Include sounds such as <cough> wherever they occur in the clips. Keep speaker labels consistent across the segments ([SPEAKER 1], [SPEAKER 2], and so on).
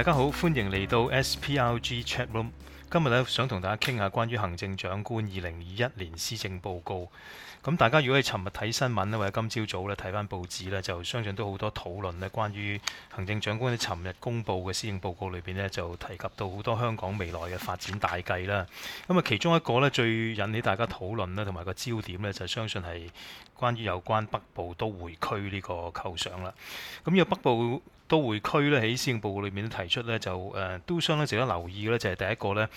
[SPEAKER 1] 大家好，歡迎嚟到 SPLG Chat Room。今日咧想同大家傾下關於行政長官二零二一年施政報告。咁、嗯、大家如果係尋日睇新聞咧，或者今朝早咧睇翻報紙咧，就相信都好多討論咧關於行政長官咧尋日公布嘅施政報告裏邊咧，就提及到好多香港未來嘅發展大計啦。咁、嗯、啊，其中一個咧最引起大家討論咧，同埋個焦點咧，就相信係。關於有關北部都會區呢個構想啦，咁有關北部都會區咧，喺施政報告裏面提出咧，就誒、呃、都相咧值得留意嘅咧，就係第一個咧，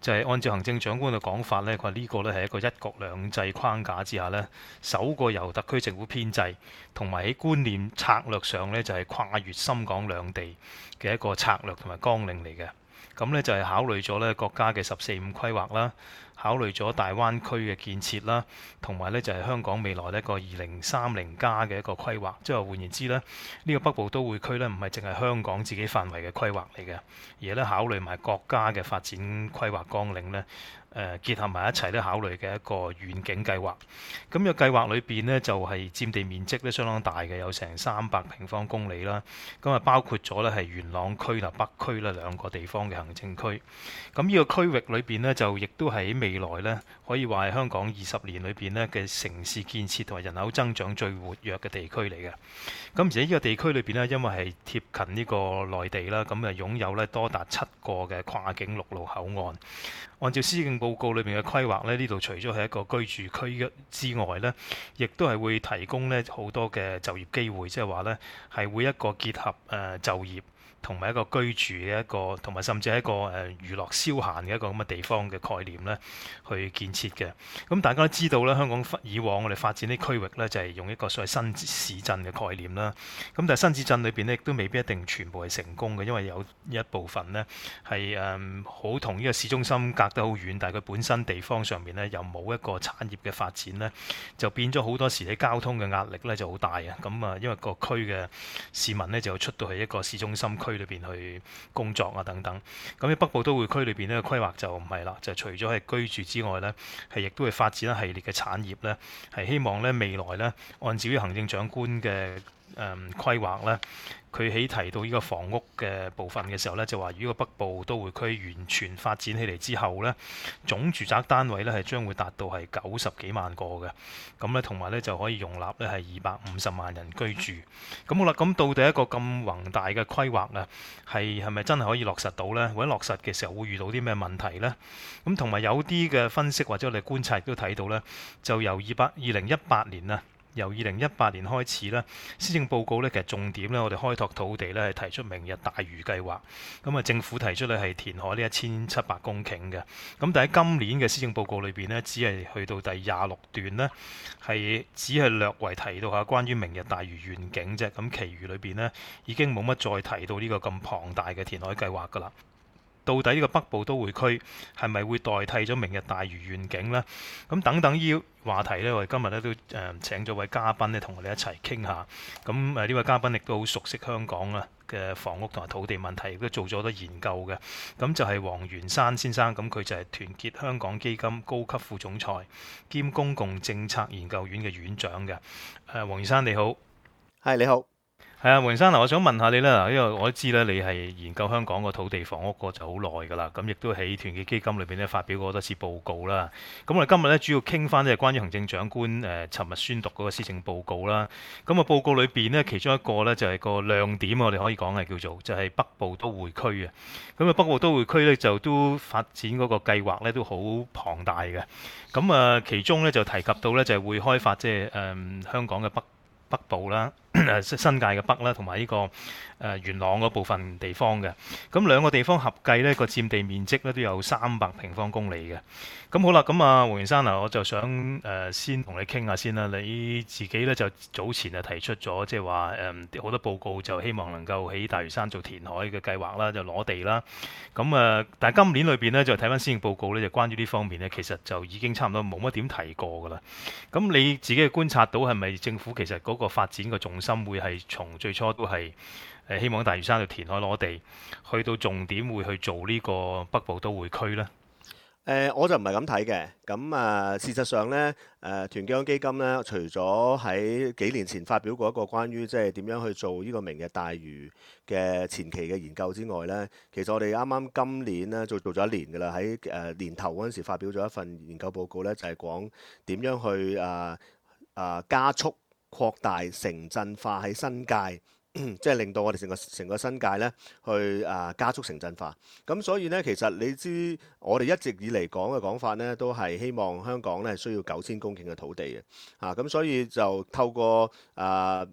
[SPEAKER 1] 就係、是、按照行政長官嘅講法咧，佢話呢個咧係一個一國兩制框架之下咧，首個由特區政府編制，同埋喺觀念策略上咧，就係、是、跨越深港兩地嘅一個策略同埋綱領嚟嘅。咁咧就係考慮咗咧國家嘅十四五規劃啦，考慮咗大灣區嘅建設啦，同埋咧就係香港未來一個二零三零加嘅一個規劃。即係換言之咧，呢個北部都會區咧唔係淨係香港自己範圍嘅規劃嚟嘅，而咧考慮埋國家嘅發展規劃綱領咧。誒結合埋一齊咧，考慮嘅一個遠景計劃。咁個計劃裏邊呢，就係佔地面積咧相當大嘅，有成三百平方公里啦。咁啊，包括咗呢係元朗區啦、北區啦兩個地方嘅行政區。咁呢個區域裏邊呢，就亦都喺未來呢，可以話係香港二十年裏邊呢嘅城市建設同埋人口增長最活躍嘅地區嚟嘅。咁而且呢個地區裏邊呢，因為係貼近呢個內地啦，咁啊擁有呢多達七個嘅跨境陸路口岸。按照施政報告裏面嘅規劃咧，呢度除咗係一個居住區域之外咧，亦都係會提供咧好多嘅就業機會，即係話咧係會一個結合誒就業。同埋一個居住嘅一個，同埋甚至係一個誒娛樂消閒嘅一個咁嘅地方嘅概念咧，去建設嘅。咁、嗯、大家都知道咧，香港以往我哋發展啲區域咧，就係、是、用一個所謂新市鎮嘅概念啦。咁、嗯、但係新市鎮裏邊咧，都未必一定全部係成功嘅，因為有一部分咧係誒好同呢個市中心隔得好遠，但係佢本身地方上面咧又冇一個產業嘅發展咧，就變咗好多時喺交通嘅壓力咧就好大呀。咁、嗯、啊，因為各區嘅市民咧就要出到去一個市中心區。區裏邊去工作啊等等，咁喺北部都會區裏邊呢個規劃就唔係啦，就除咗係居住之外呢，係亦都會發展一系列嘅產業呢。係希望呢未來呢，按照於行政長官嘅誒規劃呢。佢喺提到呢個房屋嘅部分嘅時候呢，就話如果北部都會區完全發展起嚟之後呢，總住宅單位呢係將會達到係九十幾萬個嘅，咁呢同埋呢就可以容納呢係二百五十萬人居住。咁、嗯、好啦，咁到底一個咁宏大嘅規劃啊，係係咪真係可以落實到呢？或者落實嘅時候會遇到啲咩問題呢？咁同埋有啲嘅分析或者我哋觀察亦都睇到呢，就由二百二零一八年啊。由二零一八年開始咧，施政報告呢，其實重點呢，我哋開拓土地呢，係提出明日大嶼計劃。咁啊，政府提出呢係填海呢一千七百公頃嘅。咁但係今年嘅施政報告裏邊呢，只係去到第廿六段咧，係只係略為提到下關於明日大嶼願景啫。咁，其餘裏邊呢，已經冇乜再提到呢個咁龐大嘅填海計劃噶啦。到底呢個北部都會區係咪會代替咗明日大嶼願景呢？咁等等呢個話題咧，我哋今日咧都誒請咗位嘉賓咧，同我哋一齊傾下。咁誒呢位嘉賓亦都好熟悉香港啊嘅房屋同埋土地問題，亦都做咗好多研究嘅。咁就係黃元山先生，咁佢就係團結香港基金高級副總裁兼公共政策研究院嘅院長嘅。誒、啊，黃元山你好，係你好。係啊，黃生嗱，我想問下你啦。因為我都知咧，你係研究香港個土地房屋過就好耐㗎啦，咁亦都喺團結基金裏邊咧發表過多次報告啦。咁我哋今日咧主要傾翻咧係關於行政長官誒，尋日宣讀嗰個施政報告啦。咁啊，報告裏邊呢，其中一個咧就係個亮點，我哋可以講係叫做就係北部都會區呀。咁啊，北部都會區咧就都發展嗰個計劃咧都好龐大嘅。咁啊，其中咧就提及到咧就係會開發即係誒香港嘅北北部啦。新界嘅北啦，同埋呢個誒元朗嗰部分地方嘅。咁兩個地方合計咧個佔地面積咧都有三百平方公里嘅。咁好啦，咁啊黃元山啊，我就想誒、呃、先同你傾下先啦、啊。你自己咧就早前就提出咗，即係話誒好多報告就希望能夠喺大嶼山做填海嘅計劃啦，就攞地啦。咁啊，但係今年裏邊咧就睇翻先嘅報告咧，就關於呢方面咧，其實就已經差唔多冇乜點提過噶啦。咁你自己嘅觀察到係咪政府其實嗰個發展嘅重心？會係從最初都係誒希望大嶼山度填海攞地，去到重點會去做呢個北部都會區咧。
[SPEAKER 2] 誒，我就唔係咁睇嘅。咁啊，事實上咧，誒團結香港基金咧，除咗喺幾年前發表過一個關於即係點樣去做呢個明日大嶼嘅前期嘅研究之外咧，其實我哋啱啱今年咧就做咗一年噶啦，喺誒年頭嗰陣時發表咗一份研究報告咧，就係講點樣去誒誒加速。擴大城鎮化喺新界， <coughs> 即係令到我哋成個成個新界咧，去誒、呃、加速城鎮化。咁所以呢，其實你知我哋一直以嚟講嘅講法呢，都係希望香港咧需要九千公頃嘅土地嘅。啊，咁所以就透過誒、呃、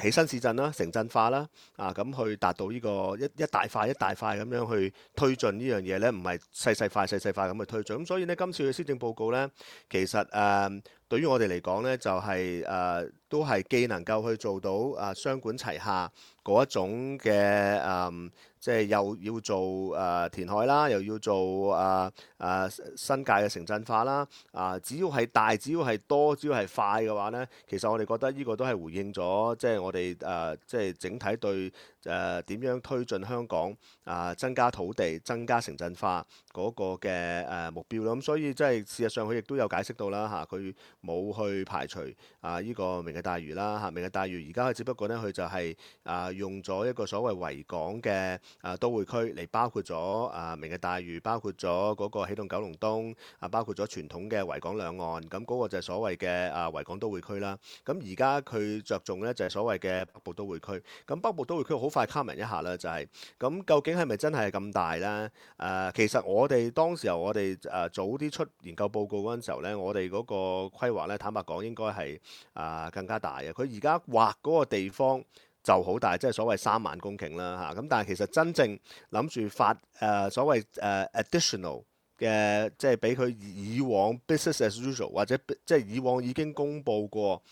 [SPEAKER 2] 起新市鎮啦、城鎮化啦，啊咁去達到呢個一一大塊一大塊咁樣去推進呢樣嘢呢，唔係細細塊細細塊咁去推進。咁所以呢，今次嘅施政報告呢，其實誒。呃對於我哋嚟講咧，就係、是、誒、呃、都係既能夠去做到誒、呃、雙管齊下嗰一種嘅誒、嗯，即係又要做誒填海啦，又要做誒誒新界嘅城鎮化啦。啊、呃，只要係大，只要係多，只要係快嘅話咧，其實我哋覺得呢個都係回應咗即係我哋誒、呃、即係整體對誒點、呃、樣推進香港啊、呃、增加土地、增加城鎮化嗰個嘅誒、呃、目標咯。咁所以即係事實上佢亦都有解釋到啦嚇佢。啊冇去排除啊！依個明日大嶼啦，嚇，明日大嶼而家只不過咧，佢就係啊用咗一個所謂維港嘅啊都會區嚟包括咗啊明日大嶼，包括咗嗰個起動九龍東啊，包括咗傳統嘅維港兩岸，咁嗰個就係所謂嘅啊維港都會區啦。咁而家佢着重咧就係所謂嘅北部都會區。咁北部都會區好快 comment 一下啦，就係咁究竟係咪真係咁大咧？誒，其實我哋當時候我哋誒早啲出研究報告嗰陣時候咧，我哋嗰個規話咧，坦白講應該係啊更加大嘅。佢而家劃嗰個地方就好大，即係所謂三萬公頃啦嚇。咁、啊、但係其實真正諗住發誒、呃、所謂誒、呃、additional 嘅，即係俾佢以往 business as usual 或者即係以往已經公佈過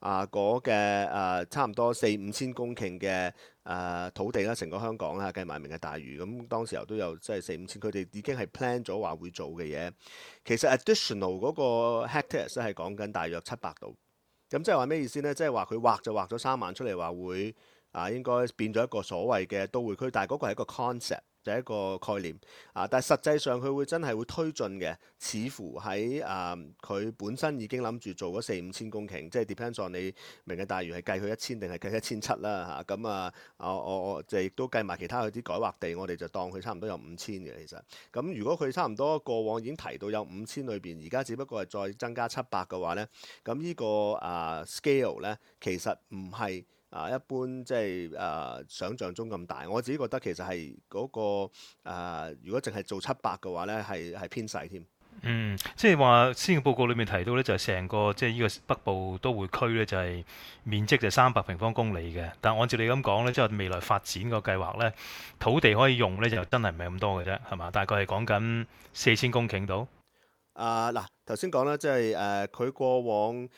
[SPEAKER 2] 啊嗰嘅誒差唔多四五千公頃嘅。誒、啊、土地啦，成個香港啦，計埋名嘅大嶼，咁當時候都有即係四五千，佢哋已經係 plan 咗話會做嘅嘢。其實 additional 嗰個 hectares 咧係講緊大約七百度，咁即係話咩意思呢？即係話佢劃就劃、是、咗三萬出嚟，話會啊應該變咗一個所謂嘅都會區，但係嗰個係一個 concept。係一個概念啊，但係實際上佢會真係會推進嘅，似乎喺誒佢本身已經諗住做嗰四五千公頃，即係 depends on 你明日大嶼係計佢一千定係計一千七啦嚇，咁啊，啊，我我我就亦都計埋其他嗰啲改劃地，我哋就當佢差唔多有五千嘅其實，咁、啊、如果佢差唔多過往已經提到有五千裏面，裏邊而家只不過係再增加七百嘅話咧，咁、啊這個啊、呢個啊 scale 咧其實唔係。啊，一般即係誒想像中咁大，我自己覺得其實係嗰、那個、呃、如果淨係做七百嘅話咧，係係偏細添。
[SPEAKER 1] 嗯，即係話先嘅報告裏面提到咧，就係、是、成個即係呢個北部都會區咧，就係、是、面積就三百平方公里嘅，但按照你咁講咧，即係未來發展個計劃咧，土地可以用咧就真係唔係咁多嘅啫，係嘛？大概係講緊四千公頃到。
[SPEAKER 2] 啊、呃，嗱，頭先講啦，即係誒，佢、呃、過往。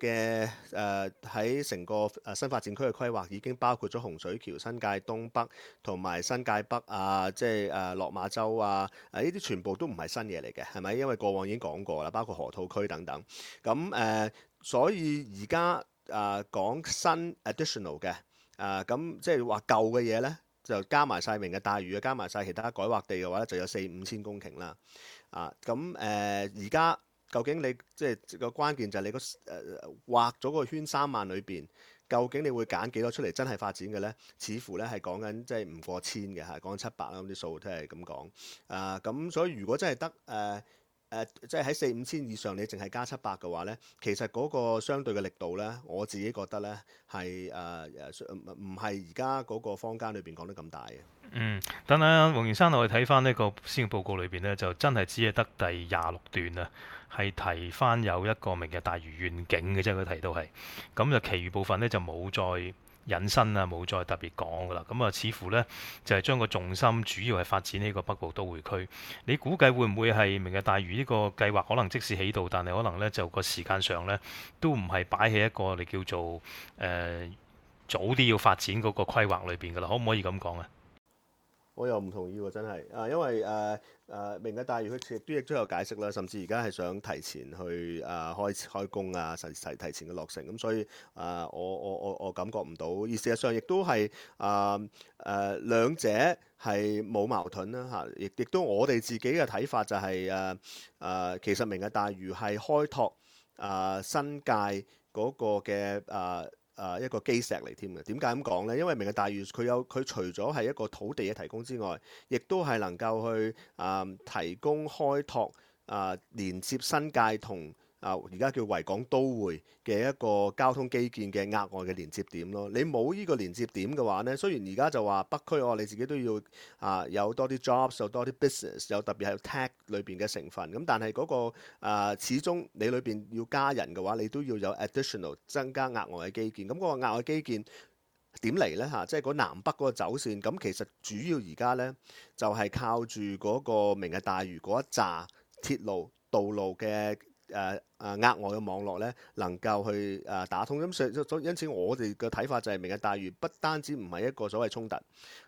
[SPEAKER 2] 嘅誒喺成個誒新發展區嘅規劃已經包括咗洪水橋、新界東北同埋新界北啊，即係誒落馬洲啊，誒呢啲全部都唔係新嘢嚟嘅，係咪？因為過往已經講過啦，包括河套區等等。咁誒、呃，所以而家誒講新 additional 嘅誒，咁、啊、即係話舊嘅嘢咧，就加埋晒明嘅大嶼啊，加埋晒其他改劃地嘅話咧，就有四五千公頃啦。啊，咁誒而家。呃究竟你即係個關鍵就係你個誒畫咗個圈三萬裏邊，究竟你會揀幾多出嚟真係發展嘅咧？似乎咧係講緊即係唔過千嘅嚇，講七百啦，咁啲數都係咁講啊！咁、呃、所以如果真係得誒。呃誒、呃，即係喺四五千以上，你淨係加七百嘅話呢，其實嗰個相對嘅力度呢，我自己覺得呢係誒誒，唔唔係而家嗰個坊間裏邊講得咁大嘅。嗯，
[SPEAKER 1] 等等，黃源生，我哋睇翻呢個施政報告裏邊呢，就真係只係得第廿六段啊，係提翻有一個明日大嶼願景嘅，即係佢提到係，咁就其餘部分呢，就冇再，引申啊，冇再特別講噶啦。咁啊，似乎咧就係、是、將個重心主要係發展呢個北部都會區。你估計會唔會係明日大嶼呢個計劃可能即時起到？但係可能咧就個時間上咧都唔係擺喺一個你叫做誒、呃、早啲要發展嗰個規劃裏邊噶啦？可唔可以咁講啊？
[SPEAKER 2] 我又唔同意喎，真係啊，因為誒誒明日大嶼佢亦都亦都有解釋啦，甚至而家係想提前去啊開開工啊提提提前嘅落成，咁所以啊我我我我感覺唔到，而事實上亦都係啊誒兩者係冇矛盾啦嚇，亦亦都我哋自己嘅睇法就係誒誒其實明日大嶼係開拓啊新界嗰個嘅啊。誒一個基石嚟添嘅，點解咁講呢？因為明日大嶼，佢有佢除咗係一個土地嘅提供之外，亦都係能夠去誒、呃、提供開拓誒、呃、連接新界同，啊！而家叫維港都會嘅一個交通基建嘅額外嘅連接點咯。你冇呢個連接點嘅話咧，雖然而家就話北區我哋、哦、自己都要啊有多啲 jobs，有多啲 business，有特別係 tax 裏邊嘅成分咁。但係嗰、那個啊，始終你裏邊要加人嘅話，你都要有 additional 增加額外嘅基建。咁、嗯、嗰、那個額外基建點嚟呢？嚇、啊，即係嗰南北嗰個走線。咁其實主要而家呢，就係、是、靠住嗰個明日大嶼嗰一紮鐵路道路嘅。誒誒額外嘅網絡咧，能夠去誒、啊、打通咁，所以因此我哋嘅睇法就係明日大嶼，不單止唔係一個所謂衝突，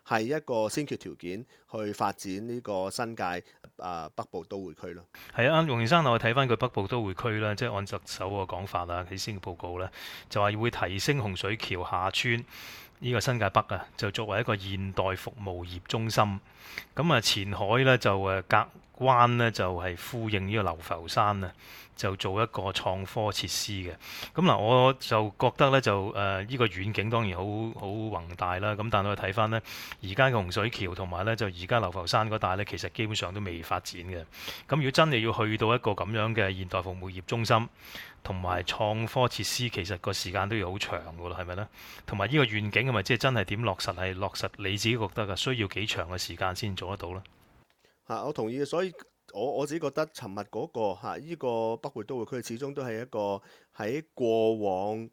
[SPEAKER 2] 係一個先決條件去發展呢個新界誒、啊、北部都會區咯。
[SPEAKER 1] 係啊，容先生，我睇翻佢北部都會區啦，即係按特首嘅講法啊，起先嘅報告咧，就話會提升洪水橋下村呢、這個新界北啊，就作為一個現代服務業中心。咁啊，前海咧就誒隔。關呢就係、是、呼應呢個流浮山啊，就做一個創科設施嘅。咁嗱，我就覺得呢，就誒呢、呃呢個遠景當然好好宏大啦。咁但係我睇翻呢，而家嘅洪水橋同埋呢，就而家流浮山嗰帶呢，其實基本上都未發展嘅。咁如果真係要去到一個咁樣嘅現代服務業中心同埋創科設施，其實個時間都要好長㗎喇，係咪呢？同埋呢個遠景咁咪即係真係點落實？係落實你自己覺得嘅需要幾長嘅時間先做得到呢？
[SPEAKER 2] 嚇，我同意，所以我我自己覺得、那個，尋日嗰個嚇依個北部都會區始終都係一個喺過往誒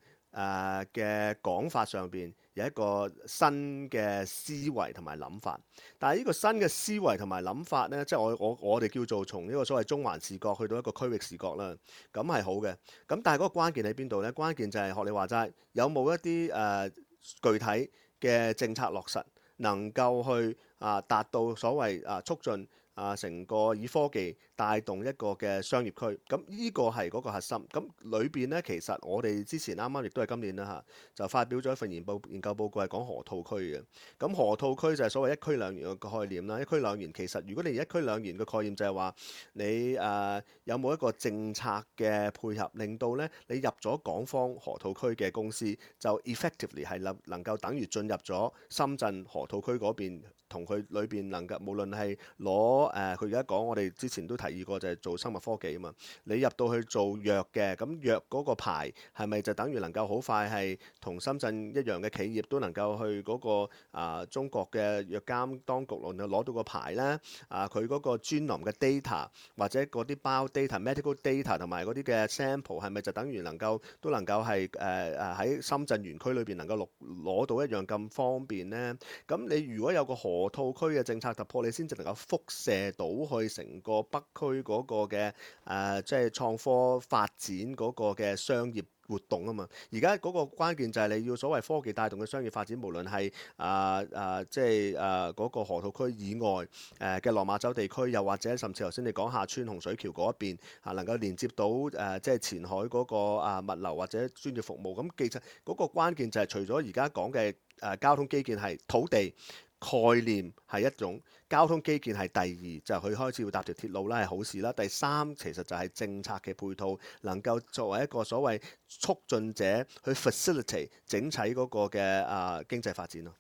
[SPEAKER 2] 嘅、呃、講法上邊有一個新嘅思維同埋諗法。但係呢個新嘅思維同埋諗法咧，即係我我我哋叫做從呢個所謂中環視角去到一個區域視角啦。咁係好嘅。咁但係嗰個關鍵喺邊度咧？關鍵就係、是、學你話齋，有冇一啲誒、呃、具體嘅政策落實能夠去啊達到所謂啊促進。啊！成個以科技。帶動一個嘅商業區，咁呢個係嗰個核心。咁裏邊咧，其實我哋之前啱啱亦都係今年啦嚇，就發表咗一份研報、研究報告係講河套區嘅。咁河套區就係所謂一區兩園嘅概念啦。一區兩園其實，如果你一區兩園嘅概念就係話，你誒有冇一個政策嘅配合，令到咧你入咗港方河套區嘅公司，就 effectively 係能能夠等於進入咗深圳河套區嗰邊，同佢裏邊能夠無論係攞誒，佢而家講我哋之前都提。第二個就係做生物科技啊嘛，你入到去做藥嘅，咁藥嗰個牌係咪就等於能夠好快係同深圳一樣嘅企業都能夠去嗰個啊中國嘅藥監當局攞攞到個牌呢？啊，佢嗰個專欄嘅 data 或者嗰啲包 data、medical data 同埋嗰啲嘅 sample 係咪就等於能夠都能夠係誒誒喺深圳園區裏邊能夠攞攞到一樣咁方便呢？咁你如果有個河套區嘅政策突破，你先至能夠輻射到去成個北區嗰個嘅誒、呃，即係創科發展嗰個嘅商業活動啊嘛。而家嗰個關鍵就係你要所謂科技帶動嘅商業發展，無論係誒誒，即係誒嗰個河套區以外誒嘅、呃、羅馬州地區，又或者甚至頭先你講下穿洪水橋嗰一邊啊，能夠連接到誒、呃、即係前海嗰個啊物流或者專業服務。咁其實嗰個關鍵就係除咗而家講嘅誒交通基建係土地。概念係一種交通基建係第二，就佢、係、開始會搭條鐵路啦，係好事啦。第三其實就係政策嘅配套，能夠作為一個所謂促進者去 facilitate 整體嗰個嘅啊、呃、經濟發展咯。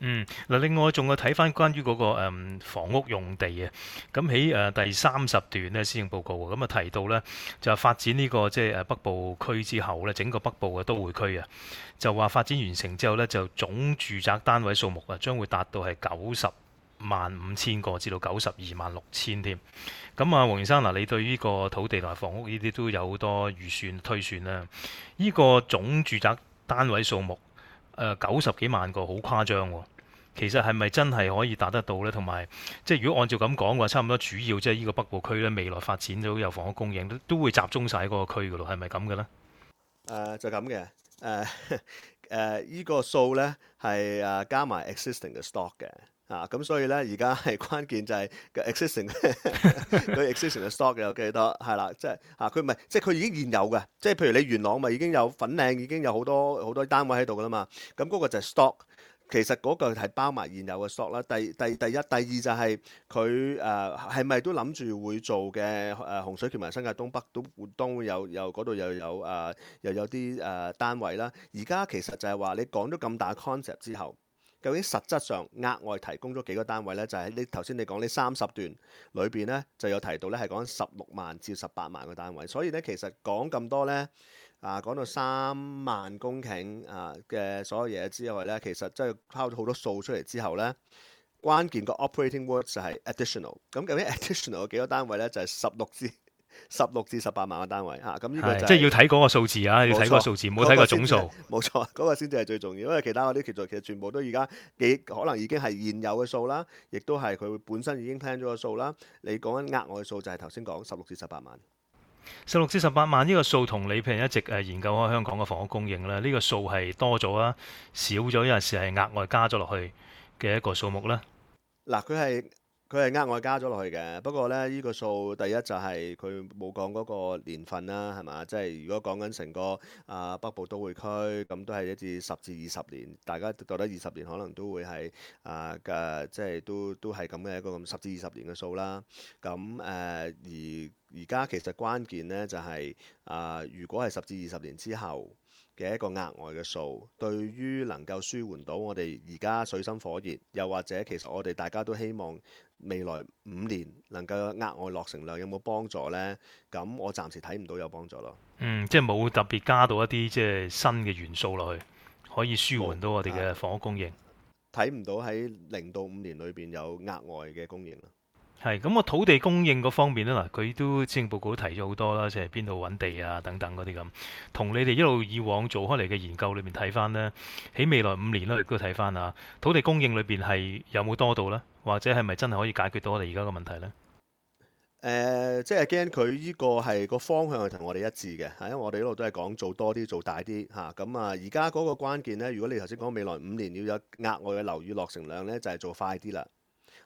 [SPEAKER 1] 嗯，嗱，另外仲啊睇翻關於嗰、那個、誒房屋用地啊，咁喺誒第三十段呢，施政報告咁啊提到呢就發展呢、這個即係誒北部區之後呢整個北部嘅都會區啊，就話發展完成之後呢就總住宅單位數目啊，將會達到係九十萬五千個，至到九十二萬六千添。咁啊，黃先生嗱，你對呢個土地同埋房屋呢啲都有好多預算推算啦，呢、這個總住宅單位數目。誒九十幾萬個好誇張喎，其實係咪真係可以達得到呢？同埋即係如果按照咁講嘅話，差唔多主要即係呢個北部區呢，未來發展到有房屋供應，都都會集中晒喺嗰個區㗎喇，係咪咁嘅呢？
[SPEAKER 2] 誒、uh, 就咁嘅，誒誒依個數呢，係誒、uh, 加埋 existing 嘅 stock 嘅。啊，咁所以咧，而家係關鍵就係、是、個 existing，existing <laughs> 嘅 stock 有幾多？係啦，即係啊，佢唔係，即係佢已經現有嘅。即係譬如你元朗咪已經有粉嶺，已經有好多好多單位喺度噶啦嘛。咁嗰個就係 stock，其實嗰個係包埋現有嘅 stock 啦。第第第一、第二就係佢誒係咪都諗住會做嘅誒、呃、洪水橋同埋新界東北都會都會有有嗰度又有誒又有啲誒單位啦。而、呃、家、呃呃呃呃呃呃呃、其實就係話你講咗咁大 concept 之後。究竟實質上額外提供咗幾個單位呢？就係呢頭先你講呢三十段裏邊呢，就有提到呢係講十六萬至十八萬個單位。所以呢，其實講咁多呢，啊講到三萬公頃啊嘅所有嘢之外呢，其實即係拋咗好多數出嚟之後呢，關鍵個 operating word 就係 additional。咁、嗯、究竟 additional 有幾個單位呢？就係十六至。十六至十八萬嘅單位，吓，咁呢個、就係、即係要睇
[SPEAKER 1] 嗰個數字啊，冇錯，要睇個數字，唔好睇個總數。
[SPEAKER 2] 冇錯，嗰個先至係最重要，因為其他嗰啲，其實全部都而家你可能已經係現有嘅數啦，亦都係佢本身已經聽咗嘅數啦。你講緊額外嘅數就係頭先講十六至十八萬。
[SPEAKER 1] 十六至十八萬呢個數同你譬如一直誒研究香港嘅房屋供應咧，呢個數係多咗啊，少咗，有陣時係額外加咗落去嘅一個數目啦。
[SPEAKER 2] 嗱、啊，佢係。佢係額外加咗落去嘅，不過呢，呢、這個數第一就係佢冇講嗰個年份啦，係嘛？即係如果講緊成個啊、呃、北部都會區，咁都係一至十至二十年，大家都覺得二十年可能都會係啊嘅，即係都都係咁嘅一個咁十至二十年嘅數啦。咁誒、呃、而而家其實關鍵呢、就是，就係啊，如果係十至二十年之後嘅一個額外嘅數，對於能夠舒緩到我哋而家水深火熱，又或者其實我哋大家都希望未來五年能夠額外落成量有冇幫助呢？咁我暫時睇唔到有幫助咯。
[SPEAKER 1] 嗯，即係冇特別加到一啲即係新嘅元素落去，可以舒緩到我哋嘅房屋供應。
[SPEAKER 2] 嗯，睇唔到喺零到五年裏邊有額外嘅供應。
[SPEAKER 1] 係咁，個土地供應個方面咧，嗱，佢都之前報告都提咗好多啦，即係邊度揾地啊等等嗰啲咁。同你哋一路以往做開嚟嘅研究裏面睇翻呢，喺未來五年咧亦都睇翻啊，土地供應裏邊係有冇多到呢？或者係咪真係可以解決到我哋而家嘅問題呢？
[SPEAKER 2] 誒、呃，即係驚佢呢個係個方向係同我哋一致嘅，係因為我哋一路都係講做多啲，做大啲嚇。咁啊，而家嗰個關鍵咧，如果你頭先講未來五年要有額外嘅樓宇落成量呢，就係、是、做快啲啦。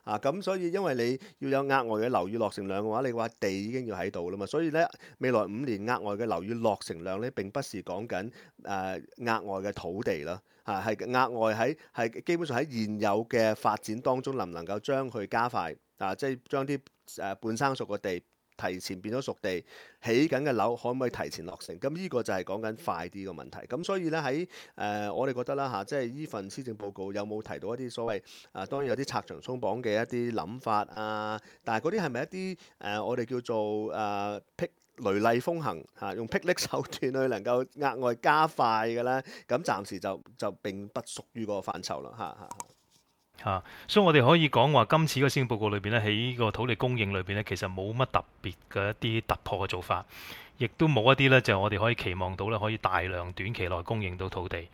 [SPEAKER 2] 啊，咁所以因為你要有額外嘅樓宇落成量嘅話，你話地已經要喺度啦嘛，所以咧未來五年額外嘅樓宇落成量咧，並不是講緊誒額外嘅土地啦，嚇、啊、係額外喺係基本上喺現有嘅發展當中能唔能夠將佢加快啊，即、就、係、是、將啲誒、呃、半生熟嘅地。提前變咗熟地，起緊嘅樓可唔可以提前落成？咁呢個就係講緊快啲嘅問題。咁所以咧喺誒，我哋覺得啦嚇、啊，即係呢份施政報告有冇提到一啲所謂誒、啊，當然有啲拆牆鬆綁嘅一啲諗法啊。但係嗰啲係咪一啲誒、啊，我哋叫做誒、啊、劈雷厲風行嚇、啊，用霹靂手段去能夠額外加快嘅咧？咁暫時就就並不屬於嗰個範疇啦嚇嚇。啊啊
[SPEAKER 1] 吓、啊，所以我哋可以講話今次個施政報告裏邊咧，喺呢個土地供應裏邊咧，其實冇乜特別嘅一啲突破嘅做法，亦都冇一啲咧，就是、我哋可以期望到咧，可以大量短期內供應到土地。誒、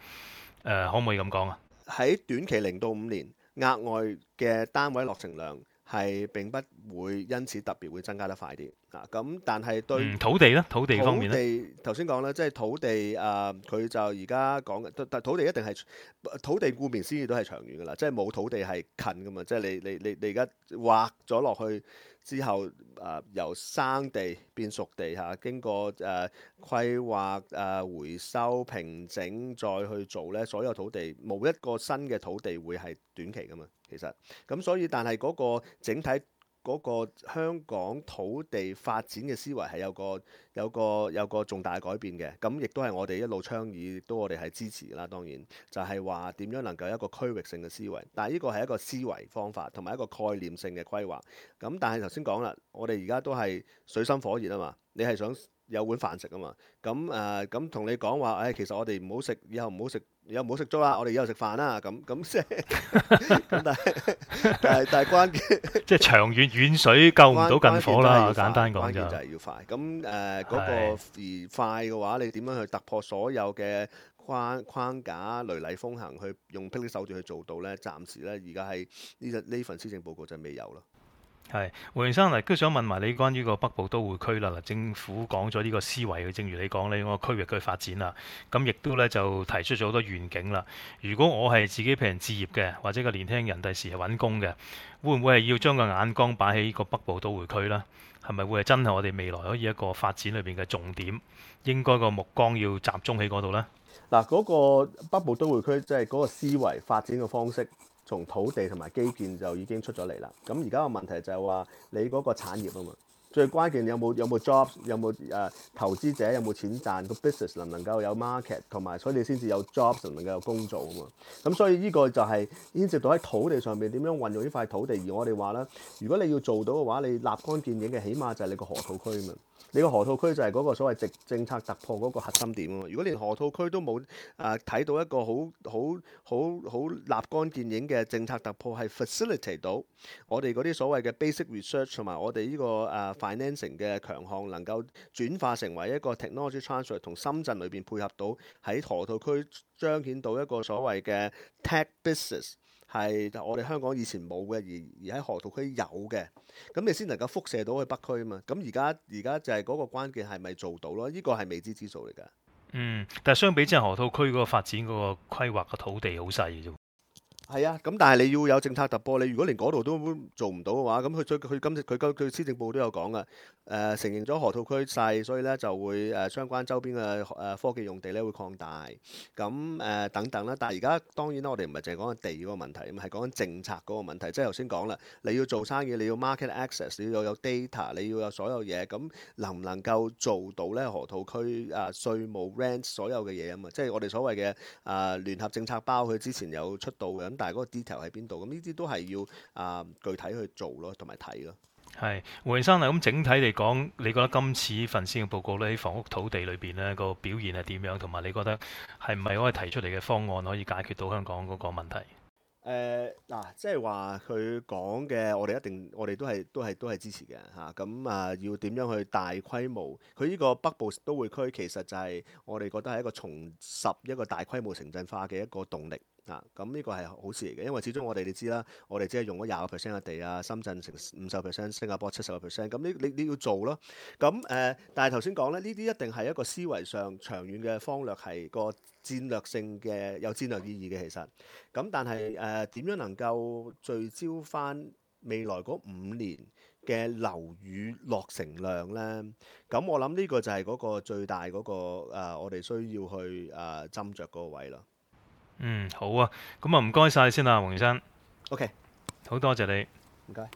[SPEAKER 1] 呃，可唔可以咁講啊？
[SPEAKER 2] 喺短期零到五年，額外嘅單位落成量。係並不會因此特別會增加得快啲啊！咁但係對土地咧、嗯，土地方面，土地頭先講咧，即係土地誒，佢就而家講，但土地一定係土地顧面先至都係長遠㗎啦，即係冇土地係近㗎嘛，即係你你你你而家劃咗落去。之後，誒、呃、由生地變熟地嚇、啊，經過誒規劃、誒、呃呃、回收、平整，再去做咧，所有土地冇一個新嘅土地會係短期㗎嘛。其實咁、嗯，所以但係嗰個整體。嗰個香港土地發展嘅思維係有個有個有個重大改變嘅，咁亦都係我哋一路倡議，都我哋係支持啦。當然就係話點樣能夠有一個區域性嘅思維，但係呢個係一個思維方法同埋一個概念性嘅規劃。咁但係頭先講啦，我哋而家都係水深火熱啊嘛，你係想有碗飯食啊嘛。咁誒咁同你講話，誒、哎、其實我哋唔好食，以後唔好食。又唔好食粥啦，我哋以後食飯啦，咁咁即係，但係但係關鍵，
[SPEAKER 1] <laughs> 即係長遠遠水救唔到近火啦，簡單講，關鍵就係要快。
[SPEAKER 2] 咁誒嗰個而快嘅話，你點樣去突破所有嘅框框架雷厲風行，去用霹靂手段去做到咧？暫時咧，而家係呢只呢份施政報告就未有咯。
[SPEAKER 1] 係，胡生嗱，都想問埋你關於個北部都會區啦。嗱，政府講咗呢個思維嘅，正如你講咧，個區域嘅發展啦，咁亦都咧就提出咗好多願景啦。如果我係自己平人置業嘅，或者個年輕人第時係揾工嘅，會唔會係要將個眼光擺喺呢個北部都會區呢？係咪會係真係我哋未來可以一個發展裏邊嘅重點？應該個目光要集中喺嗰度呢？嗱，
[SPEAKER 2] 嗰個北部都會區即係嗰個思維發展嘅方式。從土地同埋基建就已經出咗嚟啦。咁而家個問題就係話，你嗰個產業吖嘛。最關鍵有冇有冇 jobs 有冇誒、啊、投資者有冇錢賺，個 business 能唔能夠有 market，同埋所以你先至有 jobs 能唔能夠有工做啊嘛。咁所以呢個就係牽涉到喺土地上面點樣運用呢塊土地。而我哋話咧，如果你要做到嘅話，你立竿見影嘅，起碼就係你個河套區啊。你個河套區就係嗰個所謂直政策突破嗰個核心點啊。如果連河套區都冇誒睇到一個好好好好立竿見影嘅政策突破，係 facilitate 到我哋嗰啲所謂嘅 basic research 同埋我哋呢、呢個誒。呃 financing 嘅強項能夠轉化成為一個 technology transfer 同深圳裏邊配合到喺河套區彰顯到一個所謂嘅 tech business 係我哋香港以前冇嘅，而而喺河套區有嘅咁，你先能夠輻射到去北區啊嘛。咁而家而家就係嗰個關鍵係咪做到咯？呢個係未知之數嚟㗎。嗯，
[SPEAKER 1] 但係相比即係河套區嗰個發展嗰個規劃嘅土地好細㗎啫。
[SPEAKER 2] 係啊，咁但係你要有政策突破。你如果連嗰度都做唔到嘅話，咁佢最佢今佢今佢施政報告都有講噶，誒承認咗河套區細，所以咧就會誒相關周邊嘅誒科技用地咧會擴大，咁誒等等啦。但係而家當然啦，我哋唔係淨係講緊地嗰個問題啊嘛，係講緊政策嗰個問題。即係頭先講啦，你要做生意，你要 market access，你要有 data，你要有所有嘢，咁能唔能夠做到咧？河套區啊，稅務 rent 所有嘅嘢啊嘛，即係我哋所謂嘅誒聯合政策包，佢之前有出到嘅。但係個 detail 喺邊度？咁呢啲都係要啊、呃，具體去做咯，同埋睇咯。
[SPEAKER 1] 係胡生，咁整體嚟講，你覺得今次份施政報告咧，喺房屋土地裏邊咧個表現係點樣？同埋你覺得係唔係可以提出嚟嘅方案可以解決到香港嗰個問題？
[SPEAKER 2] 嗱、呃啊，即係話佢講嘅，我哋一定，我哋都係都係都係支持嘅嚇。咁啊，啊，要點樣去大規模？佢呢個北部都會區其實就係我哋覺得係一個重拾一個大規模城鎮化嘅一個動力。嗱，咁呢個係好事嚟嘅，因為始終我哋你知啦，我哋只係用咗廿個 percent 嘅地啊，深圳成五十 percent，新加坡七十個 percent，咁你你你要做咯。咁誒，但係頭先講咧，呢、呃、啲一定係一個思維上長遠嘅方略，係個戰略性嘅有戰略意義嘅其實。咁但係誒，點、呃、樣能夠聚焦翻未來嗰五年嘅樓宇落成量咧？咁我諗呢個就係嗰個最大嗰、那個、呃、我哋需要去誒斟酌
[SPEAKER 1] 嗰個位咯。嗯，好啊，咁啊唔該晒先啦，黃元山。O K，好多謝你，唔該謝。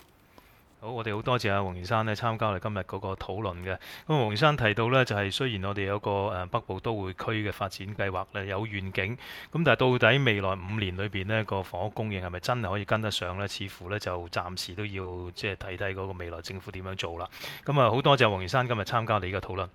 [SPEAKER 1] 好，我哋好多謝阿黃元山呢，參加我哋今日嗰個討論嘅。咁、嗯、啊，黃元山提到呢，就係、是、雖然我哋有一個誒、呃、北部都會區嘅發展計劃呢，有願景，咁但係到底未來五年裏邊呢、這個房屋供應係咪真係可以跟得上呢？似乎呢，就暫時都要即係睇睇嗰個未來政府點樣做啦。咁、嗯、啊，好、嗯、多謝黃元山今日參加你呢個討論。